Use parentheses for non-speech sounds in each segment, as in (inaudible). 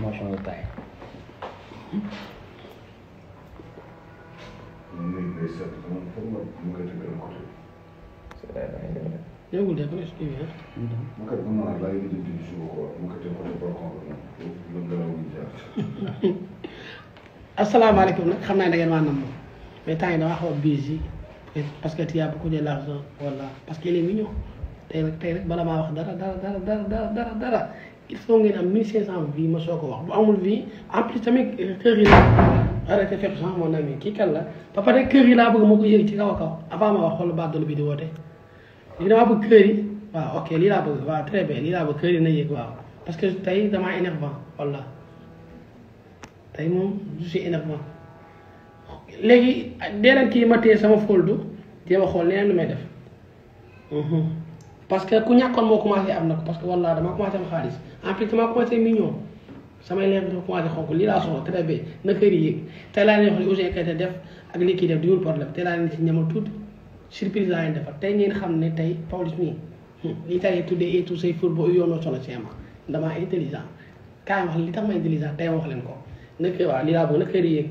motion wu (laughs) nag xam naa ne da ngeen maa namm mais temps yi damaa xaw busy parce que tu as beaucoup de l'argent wala parce que il est mignon tey rek bala maa wax dara dara dara dara dara. il faut ngeen am 1500 vies ma soo ko wax bu amul vie en plus tamit euh, kër yi la arrêté fépp sax mon ami kii kan la ba pare kër yi laa bëgg moo ko yëg ci kaw kaw avant ma wax xool baat doon bi di woote lii damaa bëgg kër yi ok lii laa bëgg waaw très bien lii laa bëgg kër na yëg waaw parce que tey damaa énervant walla tey moom je suis énervant léegi dee leen kii ma téye sama foldu jéem a xool leneen lu may def mhm. parce que ku ñàkkoon moo commencé am na ko parce que wallaahi damaa commencé am xaalis en plus damaa commencé mignon samay leen dafa lii laa soxla très def ak li kii def diwul problème tey laa leen si ñamal tuuti surprise laa leen defar tey ngeen xam ne tey Pawlish nii li tax tuddee et tout say four boo yoonoo sono ci ma damaa intelligent kaay wax li tax ma intelligent tey wax leen ko na kër waaw lii laa bëgg na kër yi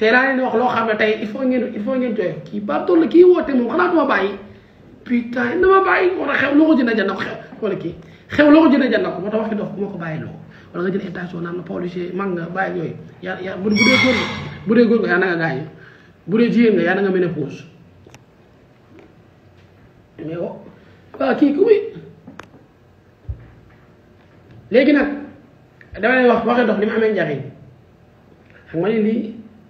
tey ne leen wax loo xam ne tey il faut ngeen il faut ngeen jooy kii Pape Dóor la kii woote moom xanaa duma bàyyi putain dama bàyyi moo tax xew loo ko jënd jënd ko xew wala xew loo ko jënd jënd ko moo tax waxi dof moo ko bàyyi loo wala nga jël intention naan policier mag nga bàyyi yooyu yaa yaa bu dee góor bu dee góor nga yaa na nga gaañu na nga mën mais waaw kii ku muy léegi nag dama wax waxi dof li mu amee njariñ xam nga ni lii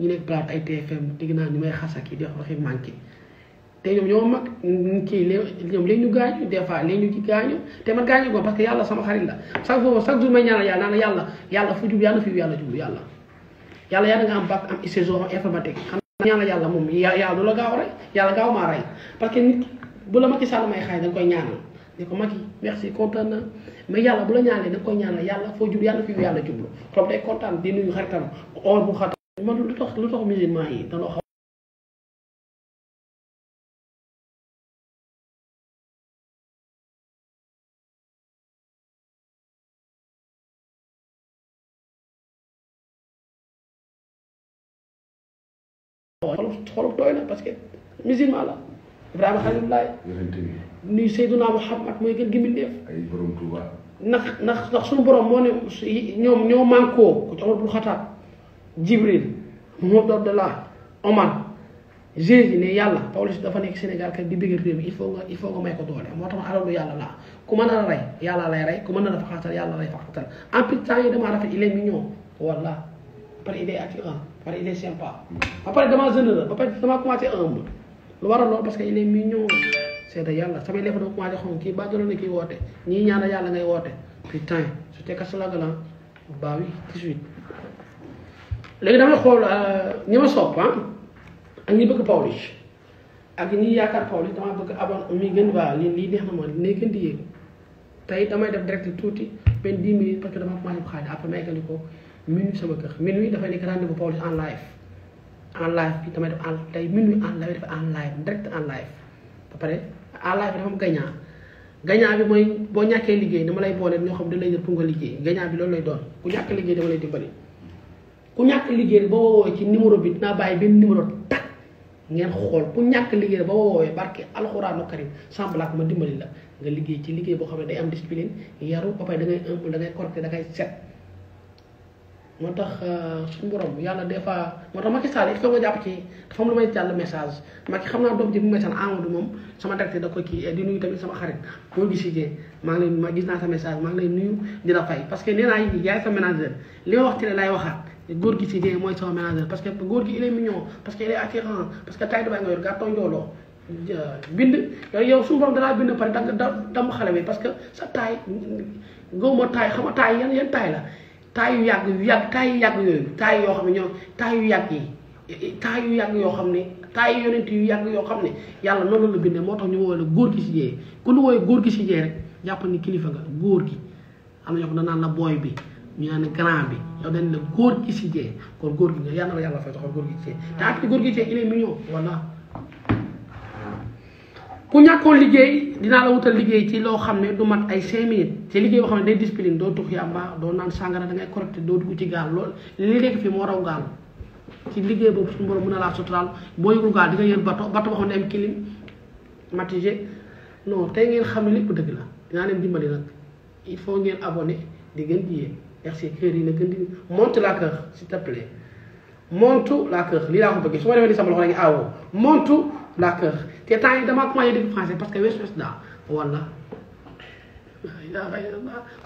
ñu nekk plateau ay TFM dégg naa ni may xasa ki di wax waxi manqué te ñoom ñoo mag kii léegi ñoom léegi ñu gaañu ko parce que yàlla sama xarit la chaque fois chaque jour may ñaanal yàlla naan yàlla la gaaw rey yàlla bu la Macky Sall may xaay da nga koy ñaanal ko Macky la da nga koy ñaanal yàlla foo jub yàlla fi yàlla jublu trop day kontaan di nuyu xaritam or bu xat man lu tax lu tax xolof xolof doy na parce que la Ibrahima Xalilullaay nuy Seydunaa Muhammad mooy gën gi mbindéef ay borom Tuuba ndax ndax ndax suñu borom moo ne ñoom ñoo mànkoo ku ci Omar bul Xataab Jibril moo doon de la Oman Jésus ne yàlla Pawlish dafa nekk Sénégal kat di bëgg réew il faut nga il faut nga may ko doole moo tax ma alalu yàlla laa ku mën a rey yàlla lay rey ku mën par il par il est sympa ba pare damaa généreux ba pare damaa commencé humble lu waral loolu parce que il est mignon c'est de yàlla samay lépp dama commencé xam kii bàjjalo na kii woote ñii ñaanal yàlla ngay woote putain c'était casse la galan ah. bah oui 18 léegi damay xool euh, ñi ma sopp ah, ak ñi bëgg Pawlish ak ñi yaakaar Pawlish damaa bëgg abon mi gën waa lii lii neex na ma lii gën di yéeg tey damay def direct tuuti benn dix minutes parce que dama commencé bu xaaj après ma eggali sama kër minuit dafay nekk rendez-vous Pawlish en live en live bi damay def en tey def en live direct en live ba pare en live bi dafa am gagnant gagnant bi mooy boo ñàkkee liggéey dama lay boole ñoo xam da lay jël pour liggéey gagnant bi loolu lay doon ku ñàkk liggéey dama lay dimbali ku ñàkk liggéey ba woowee ci numéro bi dinaa bàyyi benn numéro tak ngeen xool ku ñàkk liggéey ba woowee barke alxuraanu karim semblaak ma dimbali la nga liggéey ci liggéey boo xam ne day am discipline yaru ba pare da ngay humble da ngay corté da ngay set moo tax euh, suñ borom yàlla des fois moo tax Macky Sall il faut nga jàpp ci dafa lu may jàll message Macky xam naa doom ji bu message Amadou moom sama directeur da ko ci eh, di nuyu tamit sama xarit boo gisee maa ngi lay ma gis naa sa message maa ngi lay nuyu dina fay parce que nee naa yaay sa ménageur li ma wax ci laay waxaat góor gi si dee mooy sama ménagère parce que góor gi il est mignon parce que il est attirant parce que taay dubay nga yor yow suñu borom dalaa bind pare dagg xale bi parce que sa taay gowma taay xam nga taay yan yan taay la taay yu yàgg yu yàgg taay yu yàgg yooyu taay yoo xam ne ñoom taay yu yàgg yi taay yu yàgg yoo xam ne taay yu yonent yu yàgg yoo xam ne yàlla noonu la bindee moo tax ñu woowee la góor gi si jee ku ñu woowee góor gi si jee rek jàpp ni kilifa nga góor gi am na ñoo xam ne naan la booy bi ñu naan grand bi yow dañ la góor gi si jee kon góor gi nga yàlla na yàlla fay góor gi si jee te après góor gi si jee il est mignon voilà. ku ñàkkoon liggéey dinaa la wutal liggéey ci loo xam ne du mat ay cinq minutes te liggéey boo xam ne day discipline doo tux yàmba doo naan sàngara da ci gaal lool fii moo raw ci liggéey boobu suñu borom mën a laa suturaal boo yëgul gaal di nga yër bato bato boo xam ne am kilim matisé non tey ngeen xam ne lépp dëgg la dinaa leen dimbali nag il faut ngeen abonné di gën di yéeg merci kër yi na gën di monte la kër s'il te plaît monte la kër lii laa ko bëggee su ma demee nii sama loxo rek aawoo monte la kër te temps yi damaa commencé dégg parce que wees wees daa wala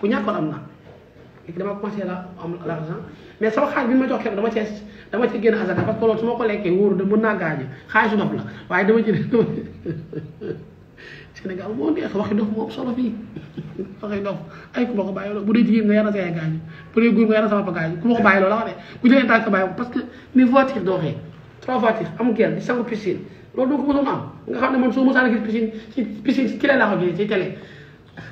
bu ñàkkoon am na léegi damaa commencé la am mais sama xaalis bi ma jox keroog dama cee dama cee génn asaka parce que loolu su ma ko lekkee wóoru de mën naa gaañu xaalis su dof la waaye dama ci (laughs) Sénégal moo neex waxi dof moom solo fii waxi dof ay ku ma ko bàyyi loolu bu dee jigéen nga yar na sa gaañu bu dee góor nga yar na sa papa gaañu ku ma ko bàyyi loolu la ne ku jëlee tànk bàyyi parce que ni voiture dooxee trois voitures amul kenn di sangu piscine loolu doo ko mësoon am nga xam ne man soo mësaan gis piscine ci piscine ci télé laa ko gisee ci télé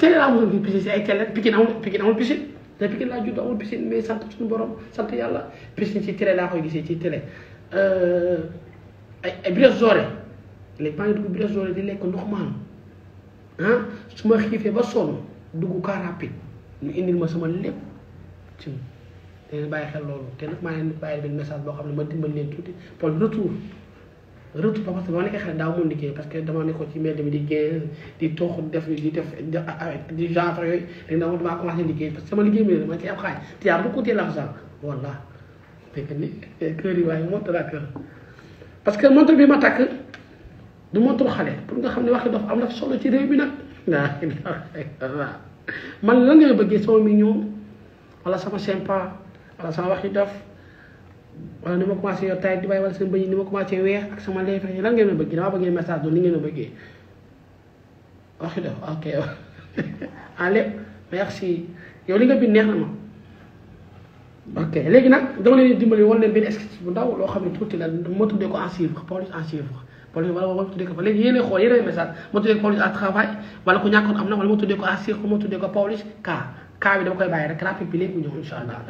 télé laa mësoon gis piscine ci ay télé Pikine amul Pikine amul piscine te Pikine laa judd amul piscine mais sant suñu borom sant yàlla piscine ci télé laa koy gisee ci télé euh, ay ay Brioche Dorée léegi maa ngi dugg Brioche Dorée di lekk ndox maan ah suma xifé ba sonn duggu ka rapide ñu indil ma sama lepp ci te baye xel lolu té nak ma leen baye ben message bo xamné ma dimbal leen tuuti pour retour retour papa sama nek xel daaw mo liggéey parce que dama nekkoon ci mbedd mi di génn di tox def di def di genre na léegi ma ko waxé liggéey parce que sama liggéey mi dama ci am xay ti yaa beaucoup teel l'argent voilà fekk ni cœur yi way mo la cœur parce que montre bi ma tak du motul xalé pour nga xamni waxi dafa am nak solo ci rew bi nak la ilaha man la ngay bëggé sama mignon wala sama sympa wala sama waxi daf wala nima commencé yo tay di bay wala sama bañ nima commencé wéx ak sama lay fay lan ngay më bëgge dama bëgge message do ni ngay ma bëgge waxi daf ok (laughs) allez merci yow li nga bi neex na ma ok légui nak dama leen dimbali won leen ce que bu ndaw lo xamni tuti la mo tuddé ko en suivre police en suivre problème wala wala ma tuddee ko fa léegi yéen a xool yéen a message ma tuddee ko Pawlish à travail wala ku ñàkkoon am na wala ma tuddee ko à ka ka bi dama koy bàyyi rek rapide bi léegi mu ñëw incha allah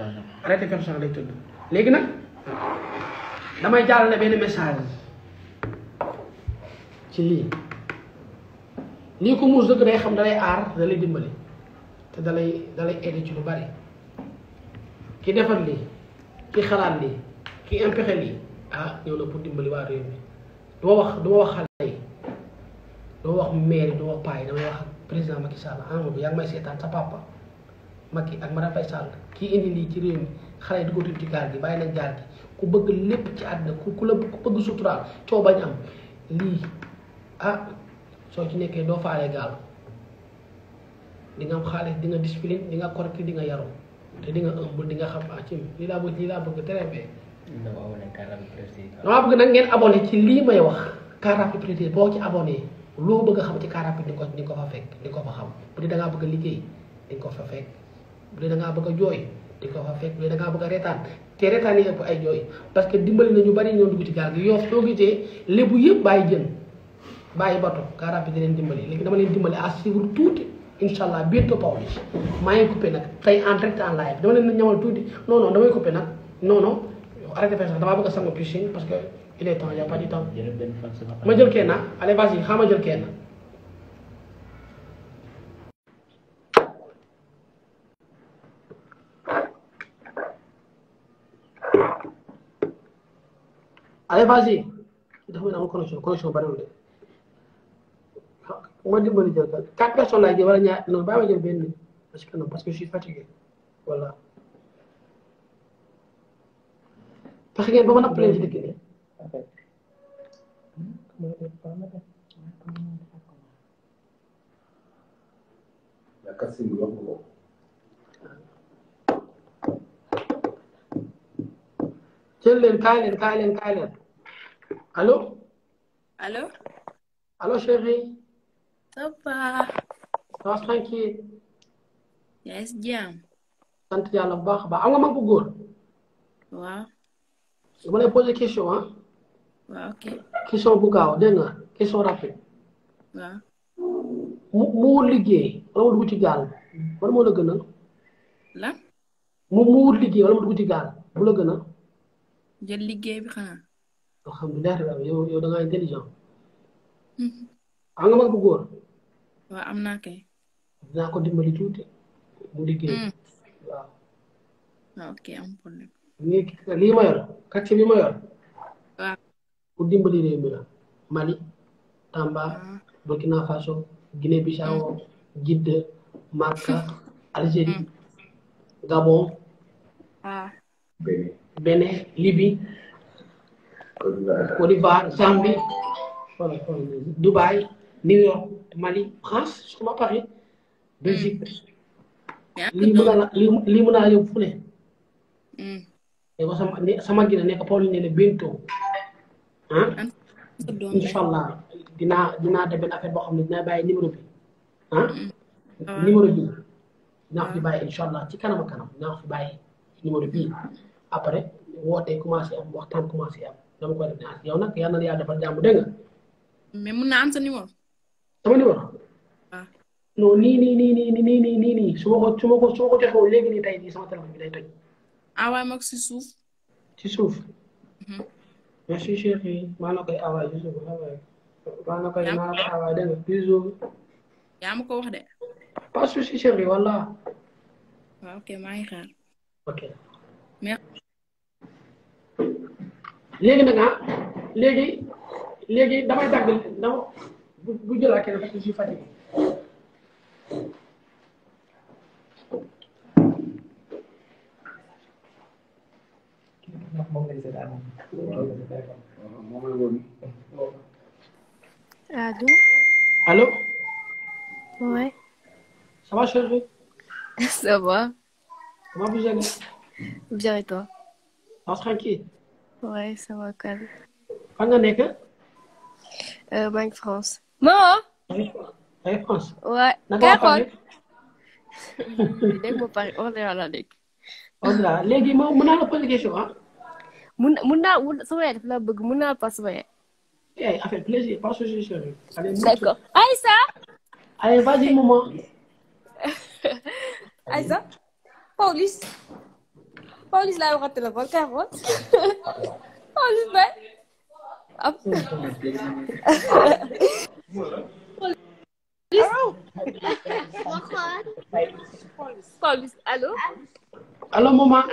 arrêté personne lay tudd léegi nag damay jàllale benn message ci lii lii ko muus dëgg day xam dalay aar dalay dimbali te dalay dalay aidé ci lu bari ki defar lii ki xalaat lii ki impexé lii ah ñëw na pour dimbali waa du wax du ma wax xale yi du ma wax maire du ma wax paa yi damay wax ak président Macky Sall Amadou yaa ngi may seetaan sa papa Macky ak Marème Faye Sall kii indi lii ci réew mi xale yi duggatul ci gaal gi bàyyi nañ gaal gi ku bëgg lépp ci àdduna ku ku la ku bëgg suturaal coow am lii ah soo ci nekkee doo faale gaal di nga am xaalis di nga discipline di nga correct di nga yaru te di nga ëmb di nga xam ah ci lii laa bëgg lii laa bëgg très bien dama bëgg nag ngeen abonné ci lii may wax car rapide priorité boo ci abonné loo bëgg a xam ci car rapide di nga ko di nga ko fa fekk di nga ko fa xam bu dee da ngaa bëgg a liggéey di nga ko fa fekk bu dee da ngaa bëgg a jooy di nga ko fa fekk bu dee da ngaa bëgg a reetaan te reetaan yi ëpp ay jooy parce que dimbali nañu bari ñoo dugg ci gaal gi yoof soo gisee lébu yëpp bàyyi jën bàyyi bato car rapide di leen dimbali léegi dama leen dimbali à suivre tuuti incha allah bientôt Pawlish maa ngi coupé nag tey en direct en live dama leen ñamal tuuti non non damay coupé nag non non arrêté fay sax damaa bëgg a sangu piscine parce que il est temps y a pas du temps ma jël kenn allez vas-y xaa ma jël kenn allez vas-y dafa mel ni amul connexion connexion bariwul de ma dimbali jël quatre personnes laay jël wala ñaar non bàyyi ma jël benn parce que non parce que je suis fatigué voilà fexe ngeen ba mën a play dëkk bi jël leen kaay leen kaay leen kaay leen allo allo allo chéri ça va ça va tranquille yaa ngi si jàmm sant yàlla bu baax a baax am nga mag bu góor waaw dama lay poser question ah. waaw ok question bu gaaw dégg nga question rapide. waaw. mu mu liggéey wala mu dugg ci gaal wala moo la gën wala mu dugg ci gaal bu la gën bi xanaa. alhamdulilah yow yow da ngaa intelligent. xam hmm. nga mag bu góor. waaw am naa kay. dinaa ko dimbali tuuti mu liggéey. Hmm. waaw. ok am problème. lii lii ma yor quartier bi ma yor. waaw ah. pour Mali Tamba ah. Burkina Faso Guinée Bissau mm. Djidda Marca (laughs) Algérie mm. Gabon. waaw ah. Bénin Libye. Côte d'Ivoire New York Mali France surtout Paris Belgique. Mm. lii mën naa lii yow sama sama gina nekk Pauline ne bientôt ah. incha allah dinaa dinaa def benn affaire boo xam ne dinaa bàyyi numéro bi ah. numéro bi dinaa fi bàyyi incha allah ci kanam a kanam dinaa ko fi bàyyi numéro bii après wootee commencé am waxtaan commencé am dama koy def naa yow nag yal na yàlla defal jàmm dégg nga. mais mun naa am sa numéro. nii nii nii nii nii nii nii nii su sama téléphone bi day toj. awaay mag si suuf. ci suuf. Mhm. merci chef yi maa koy awaay ci suuf maa na koy maa koy awaay dégg ko wax de. pas souci chef yi wala. ok maa xaar. ok. merci. léegi nag ah léegi léegi damay dagg dama bu bu jëlaat keneen parce que je suis Allô Allô ouais. ça va chérie. (laughs) ça va. comment vous allez. bien et toi. ça tranquille. ouais ça va calme. on est que? Euh, France. Moi? Oui, France? France. waay kay Je vais nga parler. (laughs) on est à la Ligue. on est là Ligue. On mën la poser question hein? mun mun ça sama pas sama eh affaire plaisir pas que je chérie. d'accord Aïssa. allez vas-y maman. (laughs) Aïssa. Paulus, là, Paulus, téléphone Paulus, Paulus, allô maman.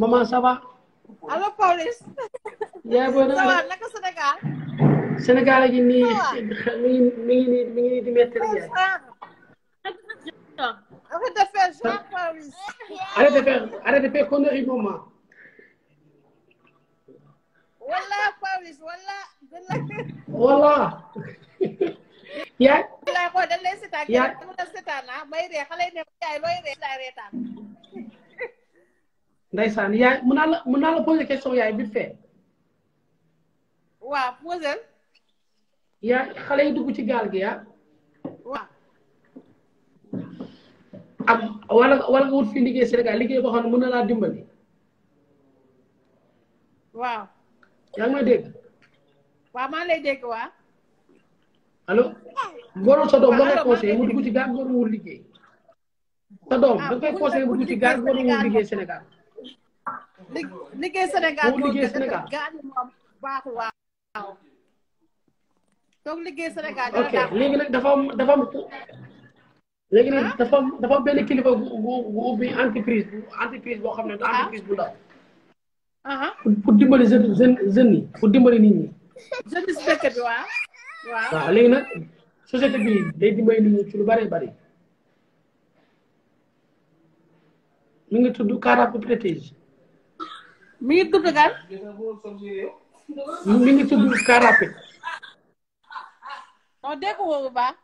maman ça va. allo Pawlish. yaay booy na nga naka Sénégal. Sénégal a ngi nii mi ngi mi ngi nii mi ngi nii di métti rek yaay. arrête de faire genre Pawlish. arrête de faire arrête de faire connerie maman. wala Pawlish wala. wala. yaay. yaay. yaay. ndeysaan yaay mun naa la mun naa la poser question yaay bi fee. waaw poser. yaa xale yi dugg ci gaal gi ah. waaw. am wala wala nga wut fi liggéey Sénégal liggéey boo xam ne mën na laa dimbali. waaw. yaa ngi may dégg. waaw maa ngi lay dégg waa. allo. Ngoroon sa doom ba ngay conseillé mu dugg ci gaal nga wut liggéey. sa doom ba ngay conseillé mu dugg ci gaal nga wut liggéey Sénégal. liggéey Sénégal moo gën a gaañ moom baaxul waaw. liggéey Sénégal dina léegi nag dafa am dafa am. nag dafa am benn kilifa bu bu ubbi entreprise entreprise boo xam ne du ah. entreprise bu ndaw. Uh-huh. pour dimbali jeunes jeunes jeunes yi pour dimbali nit ñi. jeune bi si bi waaw. waaw léegi nag société bi day dimbali nit ñi ci lu bari bari. mi ngi tudd Carap yi mi ngi tudd gan. mi ngi tudd car rapide. non dégg nga bu baax.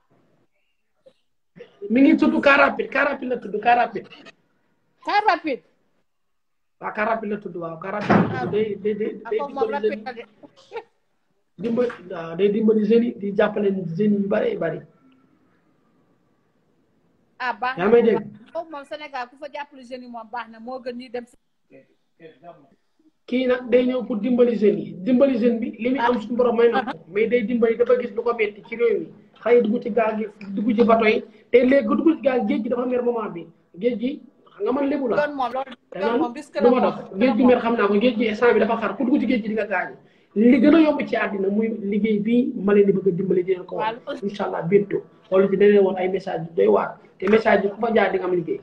ngi tudd car rapide car rapide la tudd car rapide. car rapide. waaw car rapide la tudd waaw car rapide la tudd day day day di jàppale jeunes yu bari bari. ah baax na moom Sénégal ku fa jàppale moom baax na moo gën ñuy dem. kii nag day ñëw pour dimbali jeunes yi dimbali jeune bi li muy am suñu borom may na ko mais day dimbali dafa gis lu ko metti ci réew mi xëy dugg ci gaal gi te léegi dugg géej gi dafa mer moment bi géej gi xam nga man lébu la danaan du ma dox géej gi mer xam naa ko géej gi instant bi dafa xar ku dugg ci géej gi di nga gaañu li gën a yomb ci àddina muy liggéey bi ma leen di bëgg a dimbali di leen ko wax incha allah bientôt wala ci dana woon ay message yu doy waar te message yi ku fa jaar di nga am liggéey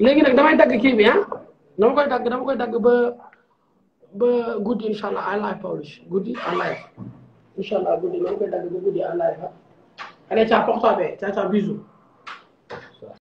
léegi nag damay dagg kii bi ah dama koy dagg dama koy dagg ba ba guddi incha allah à live Pawlish guddi à live incha allah guddi dama koy dagg ba guddi à live ah allez ciao porte-toi bien ciao ciao bisous